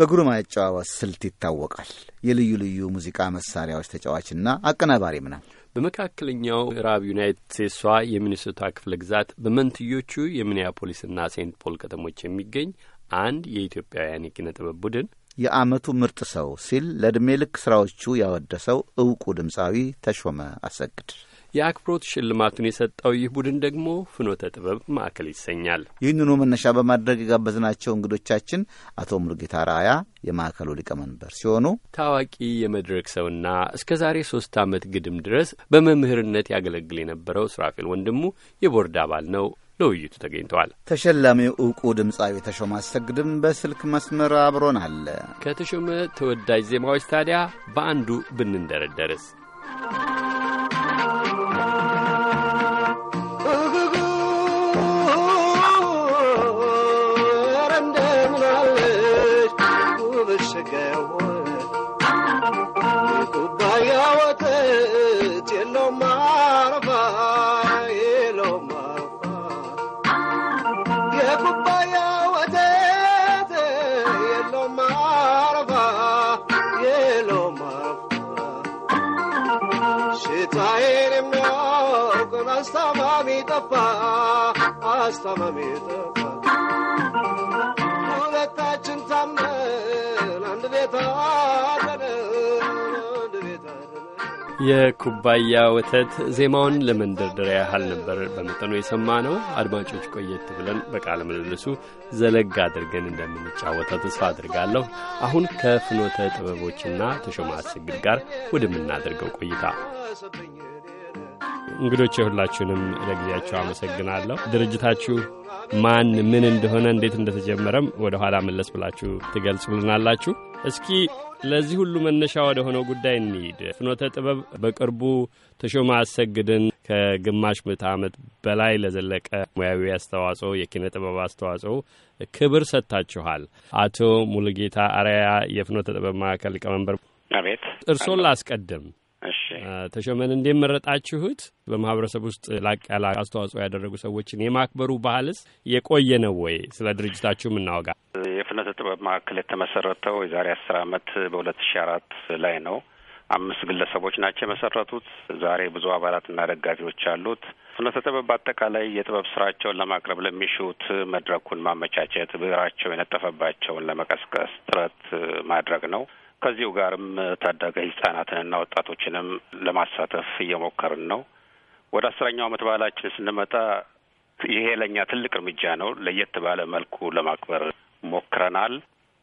በግሩም አጨዋወት ስልት ይታወቃል። የልዩ ልዩ ሙዚቃ መሳሪያዎች ተጫዋችና አቀናባሪም ነው። በመካከለኛው ምዕራብ ዩናይትድ ስቴትሷ የሚኒሶታ ክፍለ ግዛት በመንትዮቹ የሚኒያፖሊስና ሴንት ፖል ከተሞች የሚገኝ አንድ የኢትዮጵያውያን የኪነ ጥበብ ቡድን የአመቱ ምርጥ ሰው ሲል ለዕድሜ ልክ ስራዎቹ ያወደሰው እውቁ ድምፃዊ ተሾመ አሰግድ የአክብሮት ሽልማቱን የሰጠው ይህ ቡድን ደግሞ ፍኖተ ጥበብ ማዕከል ይሰኛል። ይህንኑ መነሻ በማድረግ የጋበዝናቸው እንግዶቻችን አቶ ሙሉጌታ ራያ የማዕከሉ ሊቀመንበር ሲሆኑ ታዋቂ የመድረክ ሰውና እስከ ዛሬ ሶስት ዓመት ግድም ድረስ በመምህርነት ያገለግል የነበረው ስራፌል ወንድሙ የቦርድ አባል ነው። ለውይይቱ ተገኝተዋል። ተሸላሚው እውቁ ድምፃዊ ተሾመ አሰግድም በስልክ መስመር አብሮን አለ። ከተሾመ ተወዳጅ ዜማዎች ታዲያ በአንዱ ብንንደረደርስ ጠፋ አስታማሚ ጠፋ ሁለታችን አንድ የኩባያ ወተት ዜማውን ለመንደርደሪያ ያህል ነበር በመጠኑ የሰማ ነው። አድማጮች ቆየት ብለን በቃለ ምልልሱ ዘለግ አድርገን እንደምንጫወተው ተስፋ አድርጋለሁ። አሁን ከፍኖተ ጥበቦችና ተሾማ አስግድ ጋር ወደምናደርገው ቆይታ እንግዶች የሁላችሁንም ለጊዜያችሁ አመሰግናለሁ። ድርጅታችሁ ማን ምን እንደሆነ እንዴት እንደተጀመረም ወደ ኋላ መለስ ብላችሁ ትገልጹልናላችሁ። እስኪ ለዚህ ሁሉ መነሻ ወደ ሆነው ጉዳይ እንሂድ። ፍኖተ ጥበብ በቅርቡ ተሾመ አሰግድን ከግማሽ ምዕተ ዓመት በላይ ለዘለቀ ሙያዊ አስተዋጽኦ የኪነ ጥበብ አስተዋጽኦ ክብር ሰጥታችኋል። አቶ ሙሉጌታ አርያ የፍኖተ ጥበብ ማዕከል ሊቀመንበር፣ አቤት እርሶን ላስቀድም ተሾመን እንደመረጣችሁት በማህበረሰብ ውስጥ ላቅ ያለ አስተዋጽኦ ያደረጉ ሰዎችን የማክበሩ ባህልስ የቆየ ነው ወይ? ስለ ድርጅታችሁ የምናወጋ የፍነተ ጥበብ ማዕከል የተመሰረተው የዛሬ አስር አመት በሁለት ሺ አራት ላይ ነው። አምስት ግለሰቦች ናቸው የመሰረቱት። ዛሬ ብዙ አባላትና ደጋፊዎች አሉት። ፍነተ ጥበብ በአጠቃላይ የጥበብ ስራቸውን ለማቅረብ ለሚሹት መድረኩን ማመቻቸት፣ ብዕራቸው የነጠፈባቸውን ለመቀስቀስ ጥረት ማድረግ ነው። ከዚሁ ጋርም ታዳጊ ህጻናትንና ወጣቶችንም ለማሳተፍ እየሞከርን ነው። ወደ አስረኛው ዓመት በዓላችን ስንመጣ ይሄ ለእኛ ትልቅ እርምጃ ነው። ለየት ባለ መልኩ ለማክበር ሞክረናል።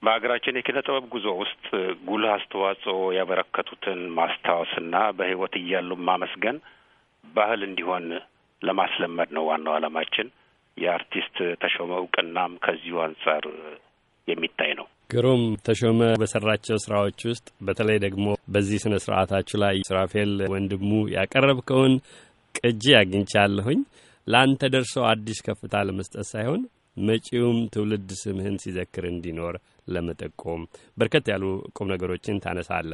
በሀገራችን የኪነ ጥበብ ጉዞ ውስጥ ጉልህ አስተዋጽኦ ያበረከቱትን ማስታወስና በህይወት እያሉ ማመስገን ባህል እንዲሆን ለማስለመድ ነው ዋናው አለማችን የአርቲስት ተሾመ እውቅናም ከዚሁ አንጻር የሚታይ ነው። ግሩም ተሾመ በሰራቸው ስራዎች ውስጥ በተለይ ደግሞ በዚህ ስነ ስርዓታችሁ ላይ ስራፌል ወንድሙ ያቀረብከውን ቅጂ አግኝቻለሁኝ። ለአንተ ደርሶ አዲስ ከፍታ ለመስጠት ሳይሆን መጪውም ትውልድ ስምህን ሲዘክር እንዲኖር ለመጠቆም በርከት ያሉ ቁም ነገሮችን ታነሳለ።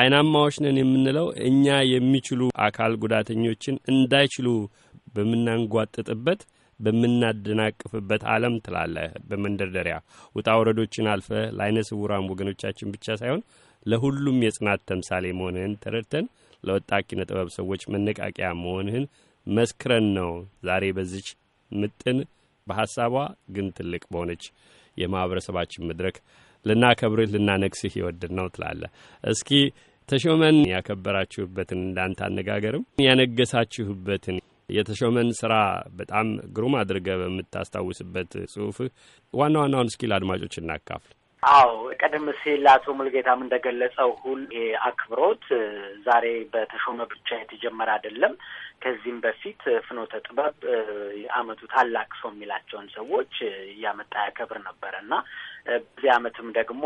አይናማዎች ነን የምንለው እኛ የሚችሉ አካል ጉዳተኞችን እንዳይችሉ በምናንጓጥጥበት በምናደናቅፍበት ዓለም ትላለህ በመንደርደሪያ ውጣ ወረዶችን አልፈ ለአይነ ስውራን ወገኖቻችን ብቻ ሳይሆን ለሁሉም የጽናት ተምሳሌ መሆንህን ተረድተን ለወጣ ኪነ ጥበብ ሰዎች መነቃቂያ መሆንህን መስክረን ነው ዛሬ በዚች ምጥን በሐሳቧ ግን ትልቅ በሆነች የማኅበረሰባችን መድረክ ልናከብርህ ልናነግስህ ይወድን ነው ትላለህ። እስኪ ተሾመን ያከበራችሁበትን እንዳንተ አነጋገርም ያነገሳችሁበትን የተሾመን ስራ በጣም ግሩም አድርገ በምታስታውስበት ጽሁፍህ ዋና ዋናውን እስኪል አድማጮች እናካፍል። አዎ ቀደም ሲል አቶ ሙልጌታም እንደገለጸው ሁል ይሄ አክብሮት ዛሬ በተሾመ ብቻ የተጀመረ አይደለም። ከዚህም በፊት ፍኖተ ጥበብ የአመቱ ታላቅ ሰው የሚላቸውን ሰዎች እያመጣ ያከብር ነበረ እና በዚህ አመትም ደግሞ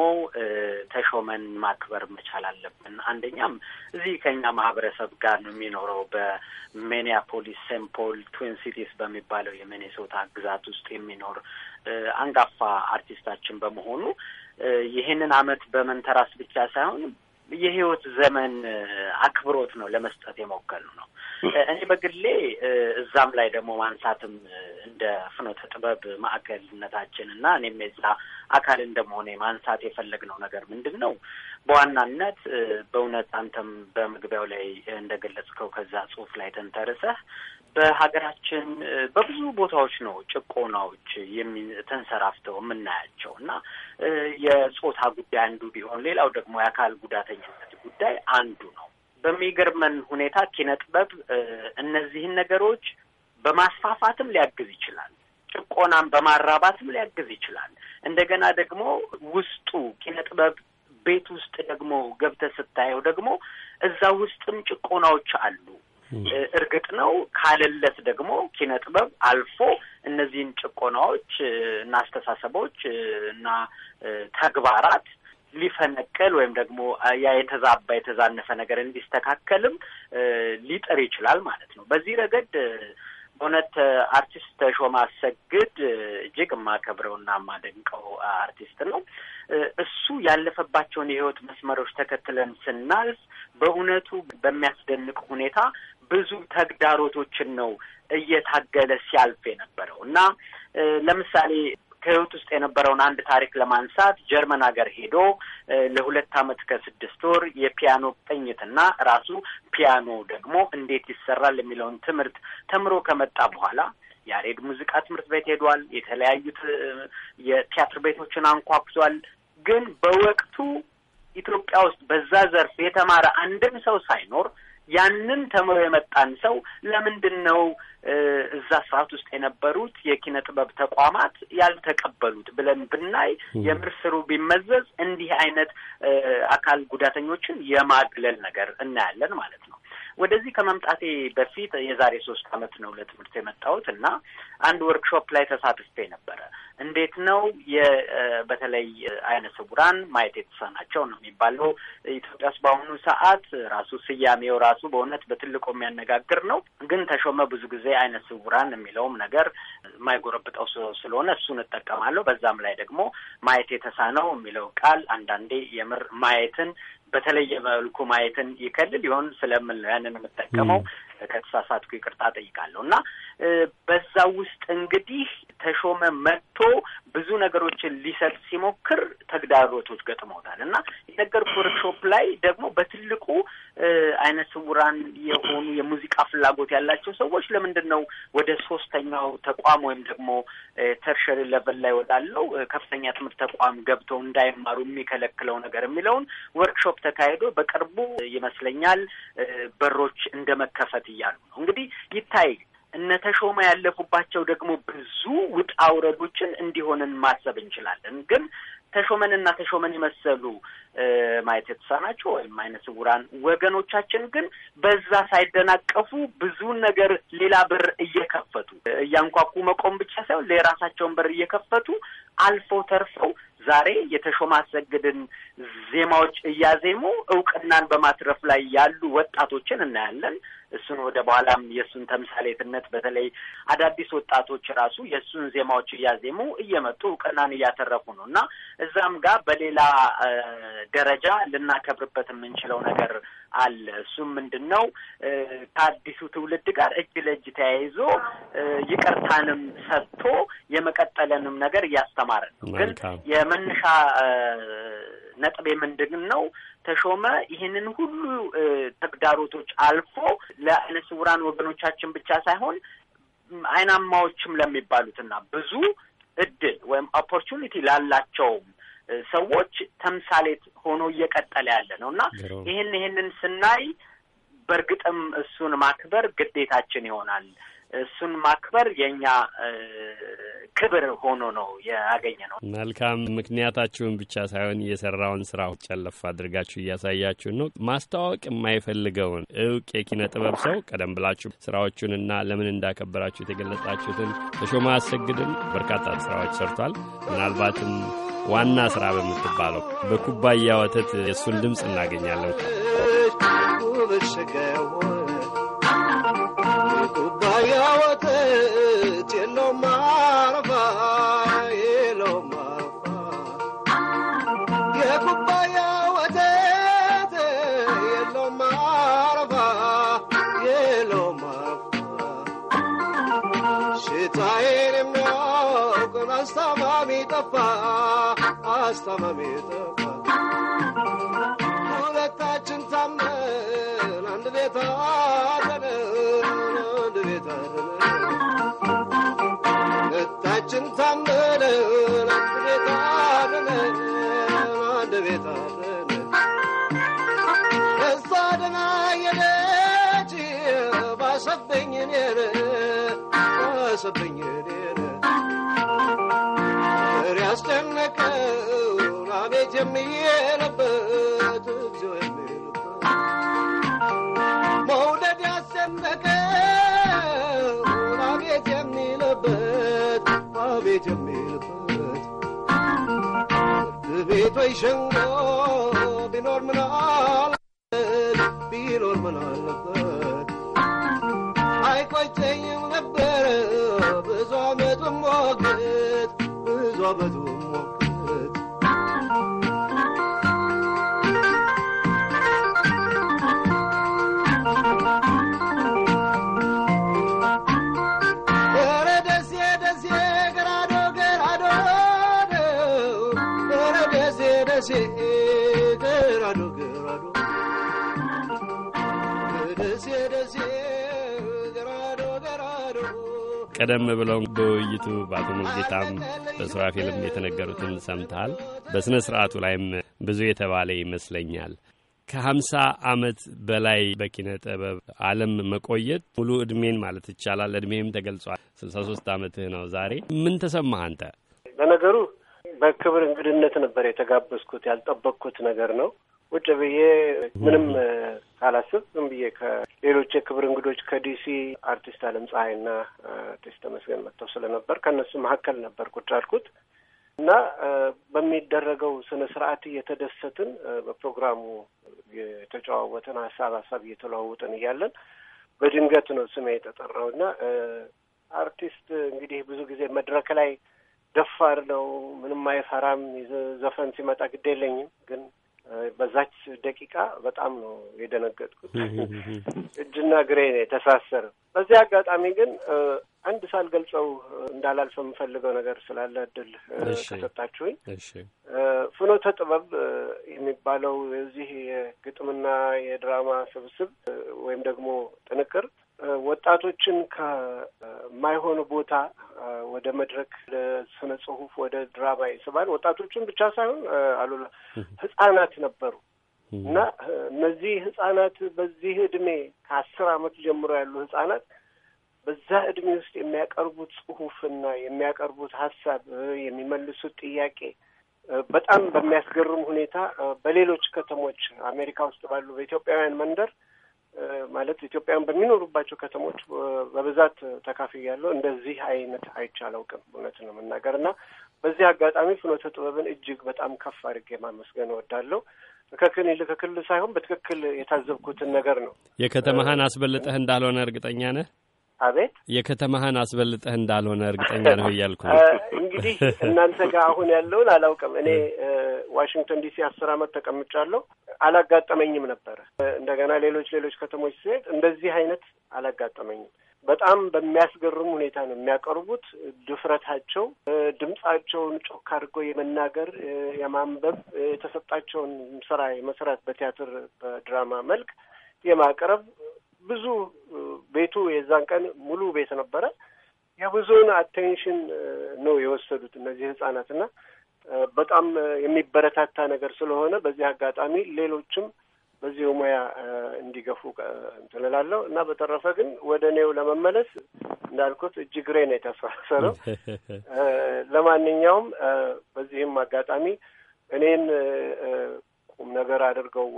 ተሾመን ማክበር መቻል አለብን። አንደኛም እዚህ ከኛ ማህበረሰብ ጋር ነው የሚኖረው በሚኒያፖሊስ ሴንት ፖል ትዊን ሲቲስ በሚባለው የሚኔሶታ ግዛት ውስጥ የሚኖር አንጋፋ አርቲስታችን በመሆኑ ይህንን አመት በመንተራስ ብቻ ሳይሆን የህይወት ዘመን አክብሮት ነው ለመስጠት የሞከሉ ነው። እኔ በግሌ እዛም ላይ ደግሞ ማንሳትም እንደ ፍኖተ ጥበብ ማዕከልነታችን እና እኔም የዛ አካል እንደመሆነ ማንሳት የፈለግነው ነገር ምንድን ነው? በዋናነት በእውነት አንተም በመግቢያው ላይ እንደገለጽከው ከዛ ጽሁፍ ላይ ተንተርሰህ በሀገራችን በብዙ ቦታዎች ነው ጭቆናዎች ተንሰራፍተው የምናያቸው እና የጾታ ጉዳይ አንዱ ቢሆን ሌላው ደግሞ የአካል ጉዳተኝነት ጉዳይ አንዱ ነው። በሚገርመን ሁኔታ ኪነ ጥበብ እነዚህን ነገሮች በማስፋፋትም ሊያግዝ ይችላል። ጭቆናን በማራባትም ሊያግዝ ይችላል። እንደገና ደግሞ ውስጡ ኪነጥበብ ቤት ውስጥ ደግሞ ገብተህ ስታየው ደግሞ እዛ ውስጥም ጭቆናዎች አሉ። እርግጥ ነው። ካለለት ደግሞ ኪነ ጥበብ አልፎ እነዚህን ጭቆናዎች እና አስተሳሰቦች እና ተግባራት ሊፈነቀል ወይም ደግሞ ያ የተዛባ የተዛነፈ ነገር እንዲስተካከልም ሊጥር ይችላል ማለት ነው። በዚህ ረገድ በእውነት አርቲስት ተሾመ አሰግድ እጅግ የማከብረውና የማደንቀው አርቲስት ነው። እሱ ያለፈባቸውን የህይወት መስመሮች ተከትለን ስናልፍ በእውነቱ በሚያስደንቅ ሁኔታ ብዙ ተግዳሮቶችን ነው እየታገለ ሲያልፍ የነበረው እና ለምሳሌ ከህይወት ውስጥ የነበረውን አንድ ታሪክ ለማንሳት ጀርመን ሀገር ሄዶ ለሁለት አመት ከስድስት ወር የፒያኖ ቅኝትና ራሱ ፒያኖ ደግሞ እንዴት ይሰራል የሚለውን ትምህርት ተምሮ ከመጣ በኋላ ያሬድ ሙዚቃ ትምህርት ቤት ሄዷል። የተለያዩ የቲያትር ቤቶችን አንኳኩዟል። ግን በወቅቱ ኢትዮጵያ ውስጥ በዛ ዘርፍ የተማረ አንድም ሰው ሳይኖር ያንን ተምሮ የመጣን ሰው ለምንድን ነው እዛ ስርዓት ውስጥ የነበሩት የኪነ ጥበብ ተቋማት ያልተቀበሉት ብለን ብናይ የምር ስሩ ቢመዘዝ እንዲህ አይነት አካል ጉዳተኞችን የማግለል ነገር እናያለን ማለት ነው። ወደዚህ ከመምጣቴ በፊት የዛሬ ሶስት አመት ነው ለትምህርት የመጣሁት እና አንድ ወርክሾፕ ላይ ተሳትፌ ነበረ። እንዴት ነው በተለይ አይነ ስውራን ማየት የተሳናቸው ነው የሚባለው ኢትዮጵያ ውስጥ በአሁኑ ሰዓት ራሱ ስያሜው ራሱ በእውነት በትልቁ የሚያነጋግር ነው። ግን ተሾመ ብዙ ጊዜ አይነ ስውራን የሚለውም ነገር የማይጎረብጠው ስለሆነ እሱን እጠቀማለሁ። በዛም ላይ ደግሞ ማየት የተሳነው የሚለው ቃል አንዳንዴ የምር ማየትን በተለየ መልኩ ማየትን ይከልል ይሆን ስለምን ያንን የምጠቀመው ከተሳሳትኩ ይቅርታ ጠይቃለሁ እና በዛ ውስጥ እንግዲህ ተሾመ መጥቶ ብዙ ነገሮችን ሊሰጥ ሲሞክር ተግዳሮቶች ገጥመውታል እና የነገር ወርክሾፕ ላይ ደግሞ በትልቁ አይነ ስውራን የሆኑ የሙዚቃ ፍላጎት ያላቸው ሰዎች ለምንድን ነው ወደ ሶስተኛው ተቋም ወይም ደግሞ ተርሸሪ ለቨል ላይ ወዳለው ከፍተኛ ትምህርት ተቋም ገብተው እንዳይማሩ የሚከለክለው ነገር የሚለውን ወርክሾፕ ተካሂዶ በቅርቡ ይመስለኛል በሮች እንደ መከፈት እያሉ ነው እንግዲህ ይታይ እነ ተሾመ ያለፉባቸው ደግሞ ብዙ ውጣ ውረዶችን እንዲሆንን ማሰብ እንችላለን። ግን ተሾመንና ተሾመን የመሰሉ ማየት የተሳናቸው ወይም አይነ ስውራን ወገኖቻችን ግን በዛ ሳይደናቀፉ ብዙ ነገር ሌላ በር እየከፈቱ እያንኳኩ መቆም ብቻ ሳይሆን ለራሳቸውን በር እየከፈቱ አልፎ ተርፈው ዛሬ የተሾመ አሰግድን ዜማዎች እያዜሙ እውቅናን በማትረፍ ላይ ያሉ ወጣቶችን እናያለን። እሱን ወደ በኋላም የእሱን ተምሳሌትነት በተለይ አዳዲስ ወጣቶች ራሱ የእሱን ዜማዎች እያዜሙ እየመጡ እውቅናን እያተረፉ ነው እና እዛም ጋር በሌላ ደረጃ ልናከብርበት የምንችለው ነገር አለ። እሱም ምንድን ነው? ከአዲሱ ትውልድ ጋር እጅ ለእጅ ተያይዞ ይቅርታንም ሰጥቶ የመቀጠለንም ነገር እያስተማረን ነው። ግን የመነሻ ነጥቤ ምንድን ነው? ተሾመ ይህንን ሁሉ ተግዳሮቶች አልፎ ለአይነስውራን ስውራን ወገኖቻችን ብቻ ሳይሆን አይናማዎችም ለሚባሉትና ብዙ እድል ወይም ኦፖርቹኒቲ ላላቸውም ሰዎች ተምሳሌት ሆኖ እየቀጠለ ያለ ነው እና ይህን ይህንን ስናይ በእርግጥም እሱን ማክበር ግዴታችን ይሆናል። እሱን ማክበር የእኛ ክብር ሆኖ ነው ያገኘ ነው። መልካም ምክንያታችሁን ብቻ ሳይሆን የሰራውን ስራ ጨለፍ አድርጋችሁ እያሳያችሁን ነው። ማስተዋወቅ የማይፈልገውን እውቅ የኪነ ጥበብ ሰው ቀደም ብላችሁ ስራዎቹንና ለምን እንዳከበራችሁ የተገለጻችሁትን ተሾመ አሰግድን በርካታ ስራዎች ሰርቷል። ምናልባትም ዋና ስራ በምትባለው በኩባያ ወተት የእሱን ድምፅ እናገኛለን። ኩባያ ወተት የለውም አረፋ የለውም አረፋ የኩባያ ወተት የለውም አረፋ የለውም አረፋ ሽታዬን የሚያውቅ አስታማሚ ጠፋ አስታማሚ ጠፋ ሁለታችን ታምነን አንድ ቤታ ልባችን ታመነ አንድ ቤት አድነን አንድ ቤት አድነን እሷ ደና የደች ባሰበኝ ኔረ ባሰበኝ ኔረ ያስጨነቀውን አቤት የምዬ ነበር ቤቶች ሸንጎ ቢኖር ምናል ቢኖር ምናል ነበር አይቆጨኝም ነበር ብዙ አመቱም ብዙ ቀደም ብለው በውይይቱ በአቶ ሙልጌታም በሱራፌልም የተነገሩትን ሰምተሃል። በሥነ ሥርዓቱ ላይም ብዙ የተባለ ይመስለኛል። ከሀምሳ ዓመት በላይ በኪነ ጥበብ ዓለም መቆየት ሙሉ ዕድሜን ማለት ይቻላል። ዕድሜም ተገልጿል። ስልሳ ሶስት ዓመትህ ነው ዛሬ። ምን ተሰማህ አንተ? ለነገሩ በክብር እንግድነት ነበር የተጋበዝኩት። ያልጠበቅኩት ነገር ነው። ውጭ ብዬ ምንም ሳላስብ ዝም ብዬ ከሌሎች የክብር እንግዶች ከዲሲ አርቲስት አለም ፀሐይና አርቲስት ተመስገን መጥተው ስለነበር ከእነሱ መካከል ነበር ቁጭ አልኩት እና በሚደረገው ስነ ስርዓት እየተደሰትን በፕሮግራሙ የተጨዋወትን ሀሳብ ሀሳብ እየተለዋወጥን እያለን በድንገት ነው ስሜ የተጠራው እና አርቲስት እንግዲህ ብዙ ጊዜ መድረክ ላይ ደፋር ነው፣ ምንም አይፈራም። ዘፈን ሲመጣ ግድ የለኝም ግን በዛች ደቂቃ በጣም ነው የደነገጥኩት። እጅና ግሬ ነው የተሳሰረ። በዚህ አጋጣሚ ግን አንድ ሳልገልጸው እንዳላልፈ የምፈልገው ነገር ስላለ እድል ከሰጣችሁኝ ፍኖተ ጥበብ የሚባለው የዚህ የግጥምና የድራማ ስብስብ ወይም ደግሞ ጥንቅር ወጣቶችን ከማይሆኑ ቦታ ወደ መድረክ፣ ለስነ ጽሁፍ፣ ወደ ድራማ ስባል ወጣቶቹን ብቻ ሳይሆን አሉላ ህጻናት ነበሩ እና እነዚህ ህጻናት በዚህ እድሜ ከአስር አመት ጀምሮ ያሉ ህጻናት በዛ እድሜ ውስጥ የሚያቀርቡት ጽሁፍና የሚያቀርቡት ሀሳብ የሚመልሱት ጥያቄ በጣም በሚያስገርም ሁኔታ በሌሎች ከተሞች አሜሪካ ውስጥ ባሉ በኢትዮጵያውያን መንደር ማለት ኢትዮጵያን በሚኖሩባቸው ከተሞች በብዛት ተካፊ ያለው እንደዚህ አይነት አይቼ አላውቅም እውነት ነው መናገር እና በዚህ አጋጣሚ ፍኖተ ጥበብን እጅግ በጣም ከፍ አድርጌ ማመስገን እወዳለሁ። ከክልል ከክልል ሳይሆን በትክክል የታዘብኩትን ነገር ነው። የከተማህን አስበልጠህ እንዳልሆነ እርግጠኛ ነህ? አቤት የከተማህን አስበልጠህ እንዳልሆነ እርግጠኛ ነው እያልኩ እንግዲህ እናንተ ጋር አሁን ያለውን አላውቅም። እኔ ዋሽንግተን ዲሲ አስር አመት ተቀምጫለሁ። አላጋጠመኝም ነበረ። እንደገና ሌሎች ሌሎች ከተሞች ሲሄድ እንደዚህ አይነት አላጋጠመኝም። በጣም በሚያስገርም ሁኔታ ነው የሚያቀርቡት። ድፍረታቸው፣ ድምጻቸውን ጮክ አድርገው የመናገር የማንበብ የተሰጣቸውን ስራ የመስራት በቲያትር በድራማ መልክ የማቅረብ ብዙ ቤቱ የዛን ቀን ሙሉ ቤት ነበረ። የብዙውን አቴንሽን ነው የወሰዱት እነዚህ ህጻናት እና በጣም የሚበረታታ ነገር ስለሆነ በዚህ አጋጣሚ ሌሎችም በዚህ ሙያ እንዲገፉ እንትን እላለሁ እና በተረፈ ግን ወደ እኔው ለመመለስ እንዳልኩት እጅግ ግሬ ነው የተሳሰረው። ለማንኛውም በዚህም አጋጣሚ እኔን ቁም ነገር አድርገው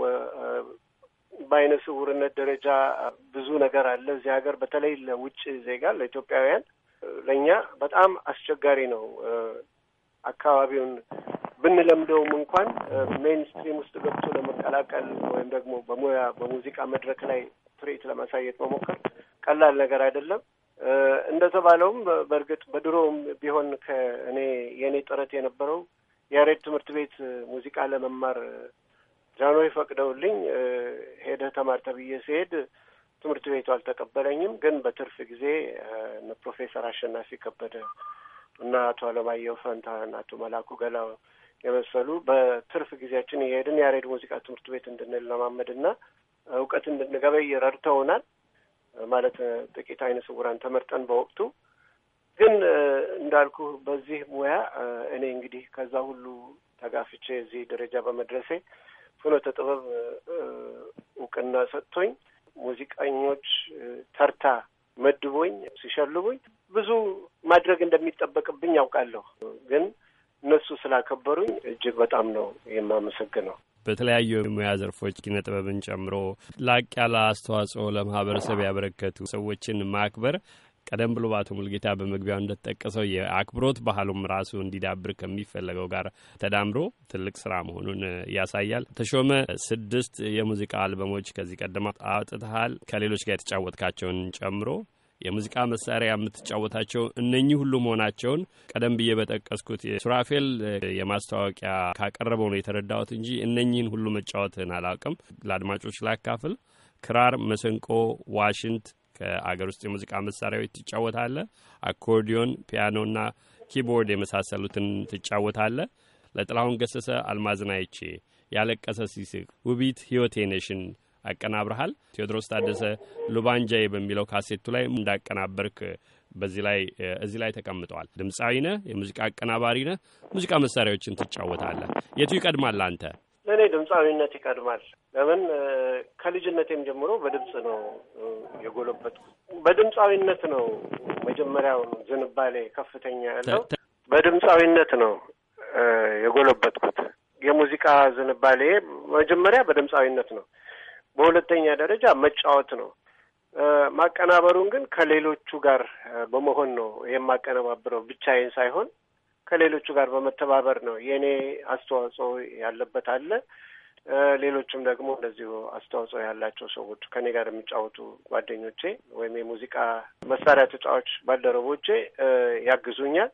በአይነ ስውርነት ደረጃ ብዙ ነገር አለ እዚህ ሀገር በተለይ ለውጭ ዜጋ ለኢትዮጵያውያን ለእኛ በጣም አስቸጋሪ ነው። አካባቢውን ብንለምደውም እንኳን ሜንስትሪም ውስጥ ገብቶ ለመቀላቀል ወይም ደግሞ በሙያ በሙዚቃ መድረክ ላይ ትርኢት ለማሳየት መሞከር ቀላል ነገር አይደለም። እንደተባለውም በእርግጥ በድሮውም ቢሆን ከእኔ የእኔ ጥረት የነበረው የያሬድ ትምህርት ቤት ሙዚቃ ለመማር ጃንሆይ ፈቅደውልኝ ሄደህ ተማር ተብዬ ሲሄድ ትምህርት ቤቱ አልተቀበለኝም። ግን በትርፍ ጊዜ ፕሮፌሰር አሸናፊ ከበደ እና አቶ አለማየሁ ፈንታን፣ አቶ መላኩ ገላው የመሰሉ በትርፍ ጊዜያችን የሄድን ያሬድ ሙዚቃ ትምህርት ቤት እንድንለማመድና እውቀት እንድንገበይ ረድተውናል። ማለት ጥቂት አይነ ስውራን ተመርጠን በወቅቱ ግን እንዳልኩ በዚህ ሙያ እኔ እንግዲህ ከዛ ሁሉ ተጋፍቼ እዚህ ደረጃ በመድረሴ ፍኖተ ጥበብ እውቅና ሰጥቶኝ ሙዚቀኞች ተርታ መድቦኝ ሲሸልሙኝ ብዙ ማድረግ እንደሚጠበቅብኝ ያውቃለሁ። ግን እነሱ ስላከበሩኝ እጅግ በጣም ነው የማመሰግነው። በተለያዩ የሙያ ዘርፎች ኪነ ጥበብን ጨምሮ ላቅ ያለ አስተዋጽኦ ለማህበረሰብ ያበረከቱ ሰዎችን ማክበር ቀደም ብሎ በአቶ ሙልጌታ በመግቢያው እንደተጠቀሰው የአክብሮት ባህሉም ራሱ እንዲዳብር ከሚፈለገው ጋር ተዳምሮ ትልቅ ስራ መሆኑን ያሳያል። ተሾመ ስድስት የሙዚቃ አልበሞች ከዚህ ቀደም አውጥተሃል ከሌሎች ጋር የተጫወትካቸውን ጨምሮ የሙዚቃ መሳሪያ የምትጫወታቸው እነኚህ ሁሉ መሆናቸውን ቀደም ብዬ በጠቀስኩት ሱራፌል የማስታወቂያ ካቀረበው ነው የተረዳሁት እንጂ እነኚህን ሁሉ መጫወትህን አላውቅም። ለአድማጮች ላካፍል። ክራር፣ መሰንቆ፣ ዋሽንት ከአገር ውስጥ የሙዚቃ መሳሪያዎች ትጫወታለ አኮርዲዮን፣ ፒያኖና ኪቦርድ የመሳሰሉትን ትጫወታለ። ለጥላሁን ገሰሰ አልማዝን አይቼ ያለቀሰ ሲስቅ ውቢት ህይወቴ ነሽን አቀናብረሃል። ቴዎድሮስ ታደሰ ሉባንጃዬ በሚለው ካሴቱ ላይ እንዳቀናበርክ በዚህ ላይ እዚህ ላይ ተቀምጠዋል። ድምፃዊ ነህ፣ የሙዚቃ አቀናባሪ ነህ፣ ሙዚቃ መሳሪያዎችን ትጫወታለህ። የቱ ይቀድማል አንተ? ለእኔ ድምፃዊነት ይቀድማል። ለምን ከልጅነቴም ጀምሮ በድምፅ ነው የጎለበትኩት። በድምፃዊነት ነው መጀመሪያው ዝንባሌ ከፍተኛ ያለው በድምፃዊነት ነው የጎለበትኩት። የሙዚቃ ዝንባሌ መጀመሪያ በድምፃዊነት ነው፣ በሁለተኛ ደረጃ መጫወት ነው። ማቀናበሩን ግን ከሌሎቹ ጋር በመሆን ነው የማቀነባብረው ብቻዬን ሳይሆን ከሌሎቹ ጋር በመተባበር ነው። የእኔ አስተዋጽኦ ያለበት አለ። ሌሎቹም ደግሞ እንደዚሁ አስተዋጽኦ ያላቸው ሰዎች ከኔ ጋር የሚጫወቱ ጓደኞቼ ወይም የሙዚቃ መሳሪያ ተጫዋች ባልደረቦቼ ያግዙኛል።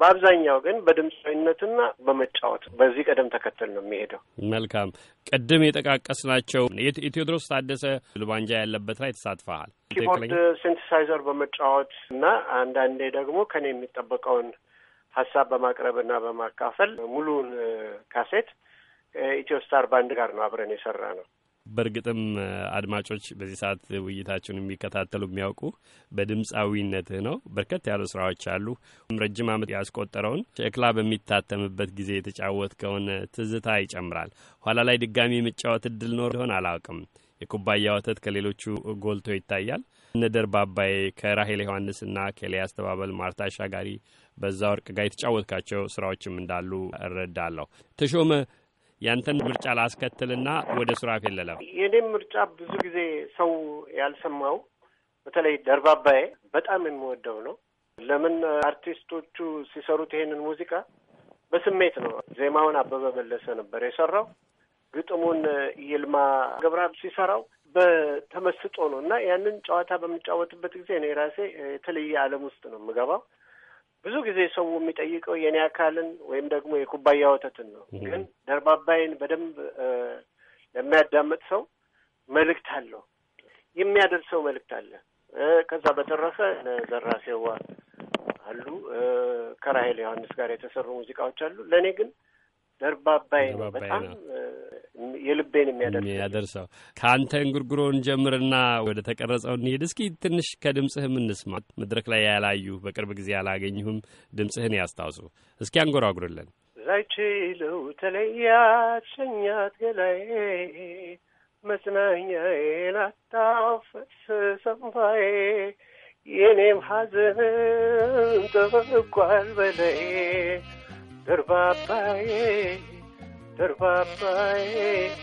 በአብዛኛው ግን በድምፃዊነትና በመጫወት በዚህ ቀደም ተከተል ነው የሚሄደው። መልካም። ቅድም የጠቃቀስ ናቸው የቴዎድሮስ ታደሰ ልባንጃ ያለበት ላይ ተሳትፈሃል። ኪቦርድ ሲንተሳይዘር በመጫወት እና አንዳንዴ ደግሞ ከኔ የሚጠበቀውን ሀሳብ በማቅረብና በማካፈል ሙሉን ካሴት ኢትዮስታር ባንድ ጋር ነው አብረን የሰራ ነው። በእርግጥም አድማጮች በዚህ ሰዓት ውይይታችሁን የሚከታተሉ የሚያውቁ በድምፃዊነትህ ነው። በርከት ያሉ ስራዎች አሉ። ረጅም ዓመት ያስቆጠረውን ሸክላ በሚታተምበት ጊዜ የተጫወትከውን ትዝታ ይጨምራል። ኋላ ላይ ድጋሚ የመጫወት እድል ኖር ይሆን አላውቅም። የኩባያ ወተት ከሌሎቹ ጎልቶ ይታያል። እነ ደርባባዬ ከራሄል ዮሐንስና ከሌ አስተባበል ማርታ አሻጋሪ በዛ ወርቅ ጋር የተጫወትካቸው ስራዎችም እንዳሉ እረዳለሁ። ተሾመ ያንተን ምርጫ ላስከትልና ወደ ሱራፌል ልለፍ። የኔም ምርጫ ብዙ ጊዜ ሰው ያልሰማው በተለይ ደርባባዬ በጣም የምወደው ነው። ለምን አርቲስቶቹ ሲሰሩት ይሄንን ሙዚቃ በስሜት ነው። ዜማውን አበበ መለሰ ነበር የሰራው፣ ግጥሙን ይልማ ገብረአብ ሲሰራው በተመስጦ ነው እና ያንን ጨዋታ በምጫወትበት ጊዜ እኔ ራሴ የተለየ ዓለም ውስጥ ነው የምገባው። ብዙ ጊዜ ሰው የሚጠይቀው የኔ አካልን ወይም ደግሞ የኩባያ ወተትን ነው። ግን ደርባባይን በደንብ ለሚያዳምጥ ሰው መልእክት አለው፣ የሚያደርሰው መልእክት አለ። ከዛ በተረፈ ዘራሴዋ አሉ፣ ከራሄል ዮሐንስ ጋር የተሰሩ ሙዚቃዎች አሉ። ለእኔ ግን ደርባባይ ነው በጣም የልቤን የሚያደርሰው ከአንተ እንጉርጉሮን ጀምርና ወደ ተቀረጸው እንሄድ። እስኪ ትንሽ ከድምፅህም እንስማ። መድረክ ላይ ያላዩ በቅርብ ጊዜ ያላገኙህም ድምፅህን ያስታውሱ። እስኪ አንጎራጉርልን። ዛይችለው ተለያት ሸኛት ገላዬ መጽናኛዬን አታፈስ ሰንባዬ የኔም ሐዘን ተፈቋል በላይ ድርባባዬ እንደዚህ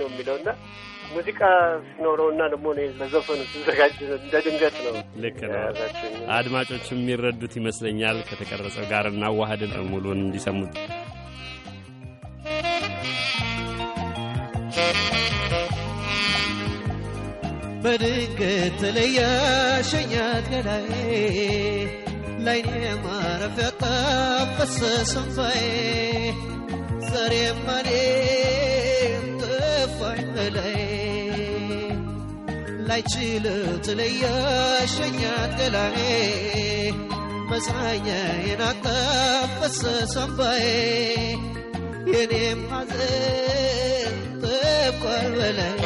ነው የሚለው እና ሙዚቃ ሲኖረው እና ደግሞ ለዘፈኑ ሲዘጋጅ እንደ ድንገት ነው። ልክ ነው። አድማጮች የሚረዱት ይመስለኛል። ከተቀረጸው ጋር እናዋህድን ሙሉን እንዲሰሙት ስትለያሸኛት ገላዬ ላይኔ ማረፊያ ጣፈሰ ሰንፋዬ ዛሬማ እኔም ጠፋኝ በላዬ ላይችል ትለያሸኛት ገላዬ መጽናኛዬን አጣፈሰ ሰንፋዬ የኔም ሐዘን ጠብቋል በላዬ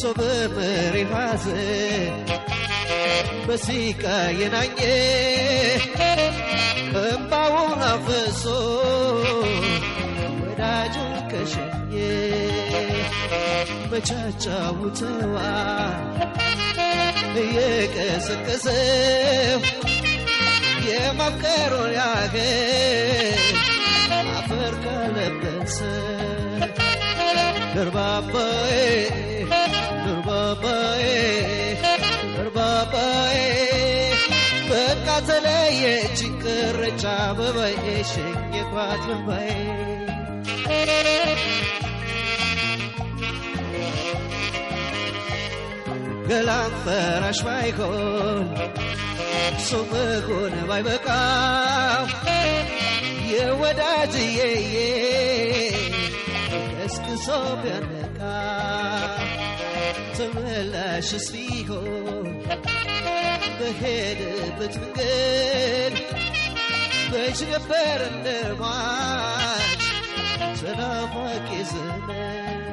ሶበመሬ ሐዘ በሲቃ የናኘ እምባውን አፈሶ ወዳጁን ከሸኘ መቻጫውተዋ እየቀሰቀሰው የማፍቀሩን ያገር አፈር ካለበት ሰው ደርባባዬ ዱርባባዬ ዱርባባዬ በቃ ተለየች ቅርጫ አበባዬ ሸኘኳት ልባዬ ገላም ፈራሽ ባይሆን እሱም ጎን ባይበቃም የወዳጅዬ እስክሶ ቢያነ ተመላሽ ሲሆን በሄደበት መንገድ መች ነበር እንደማች ሰላም ዋቂ ዘመን